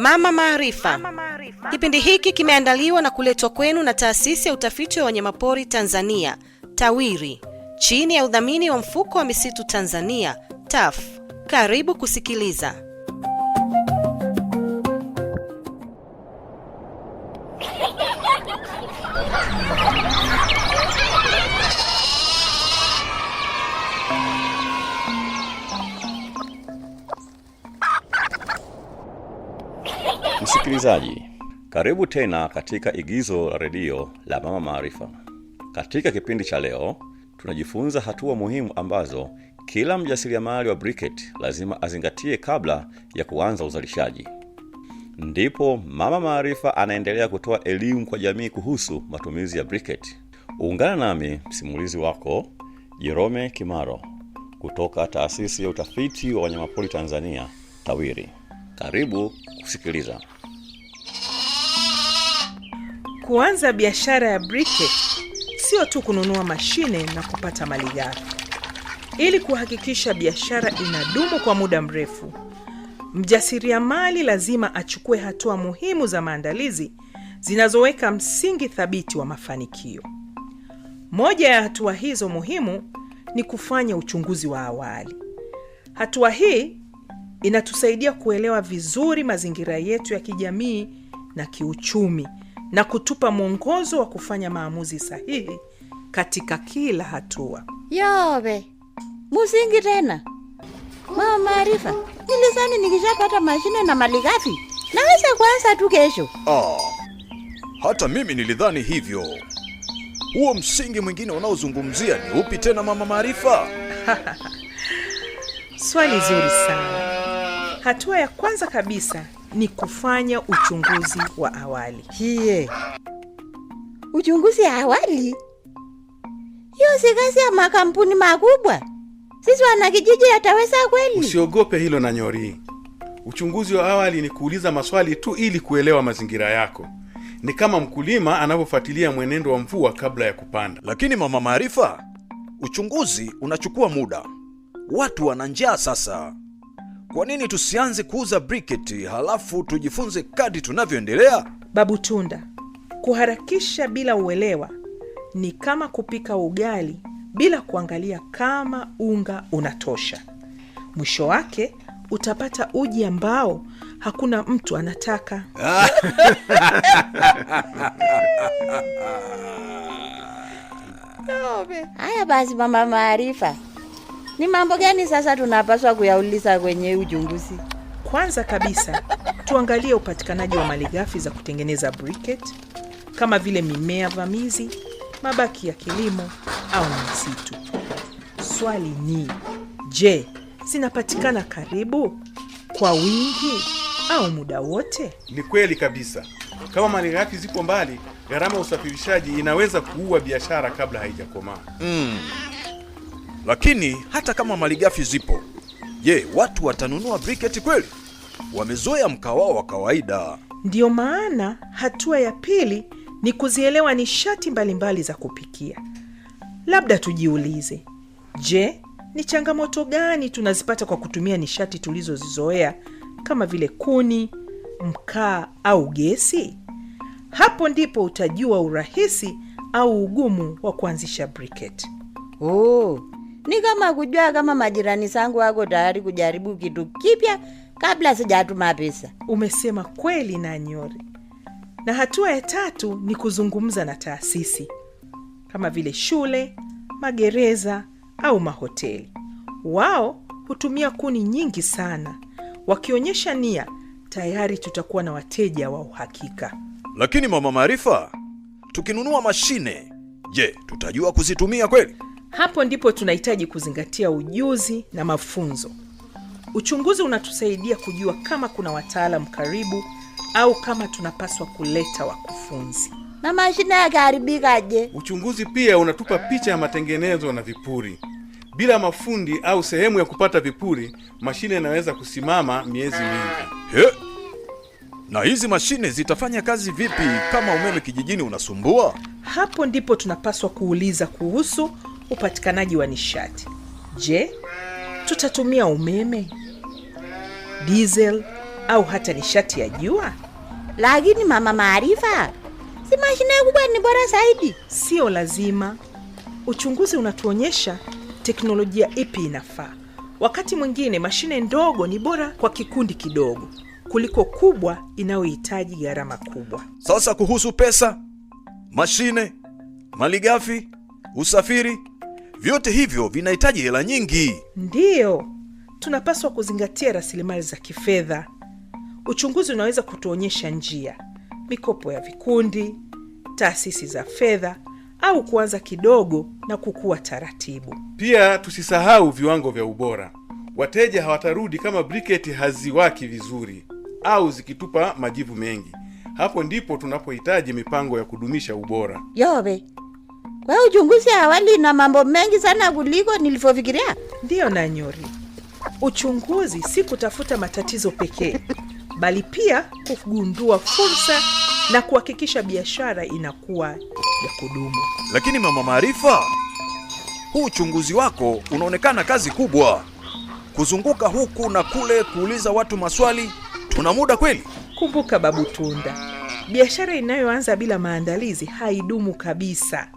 Mama Maarifa. Kipindi hiki kimeandaliwa na kuletwa kwenu na Taasisi ya Utafiti wa Wanyamapori Tanzania, TAWIRI, chini ya udhamini wa Mfuko wa Misitu Tanzania, TAF. Karibu kusikiliza. msikilizaji karibu tena katika igizo la redio la mama maarifa katika kipindi cha leo tunajifunza hatua muhimu ambazo kila mjasiriamali wa briket lazima azingatie kabla ya kuanza uzalishaji ndipo mama maarifa anaendelea kutoa elimu kwa jamii kuhusu matumizi ya briket ungana nami msimulizi wako jerome kimaro kutoka taasisi ya utafiti wa wanyamapori tanzania tawiri karibu kusikiliza Kuanza biashara ya Brike sio tu kununua mashine na kupata mali gafi Ili kuhakikisha biashara inadumu kwa muda mrefu, mjasiriamali lazima achukue hatua muhimu za maandalizi zinazoweka msingi thabiti wa mafanikio. Moja ya hatua hizo muhimu ni kufanya uchunguzi wa awali. Hatua hii inatusaidia kuelewa vizuri mazingira yetu ya kijamii na kiuchumi na kutupa mwongozo wa kufanya maamuzi sahihi katika kila hatua yowe musingi tena mama maarifa nilizani nikishapata mashine na mali malighafi naweza kuanza tu kesho ah, hata mimi nilidhani hivyo huo msingi mwingine unaozungumzia ni upi tena mama maarifa swali zuri sana hatua ya kwanza kabisa ni kufanya uchunguzi wa awali hiye uchunguzi awali hiyo si kazi ya makampuni makubwa sisi wana kijiji yataweza kweli usiogope hilo na nyori uchunguzi wa awali ni kuuliza maswali tu ili kuelewa mazingira yako ni kama mkulima anavyofuatilia mwenendo wa mvua kabla ya kupanda lakini mama maarifa uchunguzi unachukua muda watu wana njaa sasa kwa nini tusianze kuuza briketi halafu tujifunze kadi tunavyoendelea? Babu Tunda, kuharakisha bila uelewa ni kama kupika ugali bila kuangalia kama unga unatosha. Mwisho wake utapata uji ambao hakuna mtu anataka. Haya basi, mama Maarifa, ni mambo gani sasa tunapaswa kuyauliza kwenye uchunguzi? Kwanza kabisa tuangalie upatikanaji wa malighafi za kutengeneza briket kama vile mimea vamizi, mabaki ya kilimo au misitu. Swali ni je, zinapatikana karibu, kwa wingi au muda wote? Ni kweli kabisa, kama malighafi ziko mbali, gharama ya usafirishaji inaweza kuua biashara kabla haijakomaa. mm. Lakini hata kama malighafi zipo, je, watu watanunua briketi kweli? Wamezoea mkaa wao wa kawaida. Ndiyo maana hatua ya pili ni kuzielewa nishati mbalimbali za kupikia. Labda tujiulize, je, ni changamoto gani tunazipata kwa kutumia nishati tulizozizoea kama vile kuni, mkaa au gesi? Hapo ndipo utajua urahisi au ugumu wa kuanzisha briketi. Oh, ni kama kujua kama majirani zangu wako tayari kujaribu kitu kipya kabla sijatuma pesa. Umesema kweli na Nyori. Na hatua ya tatu ni kuzungumza na taasisi kama vile shule, magereza au mahoteli. Wao hutumia kuni nyingi sana, wakionyesha nia tayari tutakuwa na wateja wa uhakika. Lakini mama Maarifa, tukinunua mashine, je, tutajua kuzitumia kweli? hapo ndipo tunahitaji kuzingatia ujuzi na mafunzo uchunguzi unatusaidia kujua kama kuna wataalam karibu au kama tunapaswa kuleta wakufunzi na mashine yakaharibikaje uchunguzi pia unatupa picha ya matengenezo na vipuri bila mafundi au sehemu ya kupata vipuri mashine inaweza kusimama miezi mingi na hizi mashine zitafanya kazi vipi kama umeme kijijini unasumbua hapo ndipo tunapaswa kuuliza kuhusu upatikanaji wa nishati. Je, tutatumia umeme, diesel au hata nishati ya jua? Lakini mama Maarifa, si mashine kubwa ni bora zaidi? Sio lazima. Uchunguzi unatuonyesha teknolojia ipi inafaa. Wakati mwingine mashine ndogo ni bora kwa kikundi kidogo kuliko kubwa inayohitaji gharama kubwa. Sasa kuhusu pesa, mashine, malighafi, usafiri Vyote hivyo vinahitaji hela nyingi. Ndiyo, tunapaswa kuzingatia rasilimali za kifedha. Uchunguzi unaweza kutuonyesha njia, mikopo ya vikundi, taasisi za fedha, au kuanza kidogo na kukuwa taratibu. Pia tusisahau viwango vya ubora. Wateja hawatarudi kama briketi haziwaki vizuri au zikitupa majivu mengi. Hapo ndipo tunapohitaji mipango ya kudumisha ubora. yove wewe uchunguzi ya awali na mambo mengi sana kuliko nilivyofikiria. Ndiyo nyori uchunguzi si kutafuta matatizo pekee bali pia kugundua fursa na kuhakikisha biashara inakuwa ya kudumu. Lakini mama Maarifa, huu uchunguzi wako unaonekana kazi kubwa, kuzunguka huku na kule, kuuliza watu maswali. tuna muda kweli? Kumbuka Babu Tunda, biashara inayoanza bila maandalizi haidumu kabisa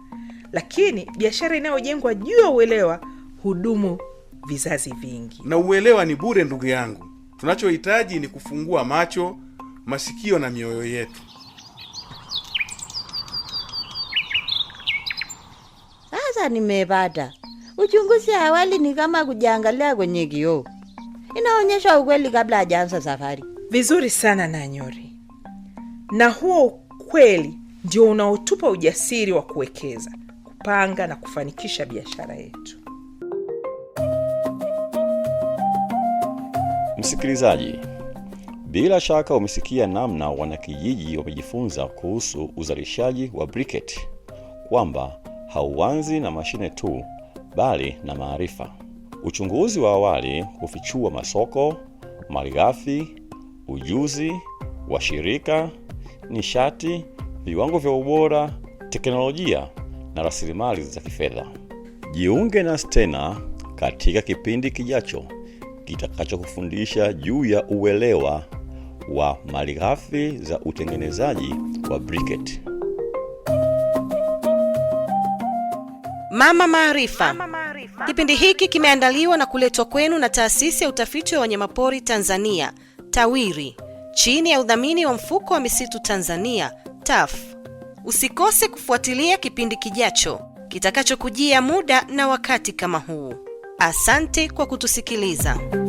lakini biashara inayojengwa juu ya uelewa hudumu vizazi vingi na uelewa ni bure ndugu yangu tunachohitaji ni kufungua macho masikio na mioyo yetu sasa nimepata uchunguzi awali ni kama kujiangalia kwenye kioo inaonyesha ukweli kabla ajaanza safari vizuri sana nanyori na huo ukweli ndio unaotupa ujasiri wa kuwekeza kupanga na kufanikisha biashara yetu. Msikilizaji, bila shaka umesikia namna wanakijiji wamejifunza kuhusu uzalishaji wa briquette, kwamba hauanzi na mashine tu bali na maarifa. Uchunguzi wa awali hufichua masoko, malighafi, ujuzi, washirika, nishati, viwango vya ubora, teknolojia na rasilimali za kifedha. Jiunge nasi tena katika kipindi kijacho kitakachokufundisha juu ya uelewa wa malighafi za utengenezaji wa briket. Mama Maarifa. Kipindi hiki kimeandaliwa na kuletwa kwenu na Taasisi ya Utafiti wa Wanyamapori Tanzania TAWIRI chini ya udhamini wa Mfuko wa Misitu Tanzania TAF. Usikose kufuatilia kipindi kijacho kitakachokujia muda na wakati kama huu. Asante kwa kutusikiliza.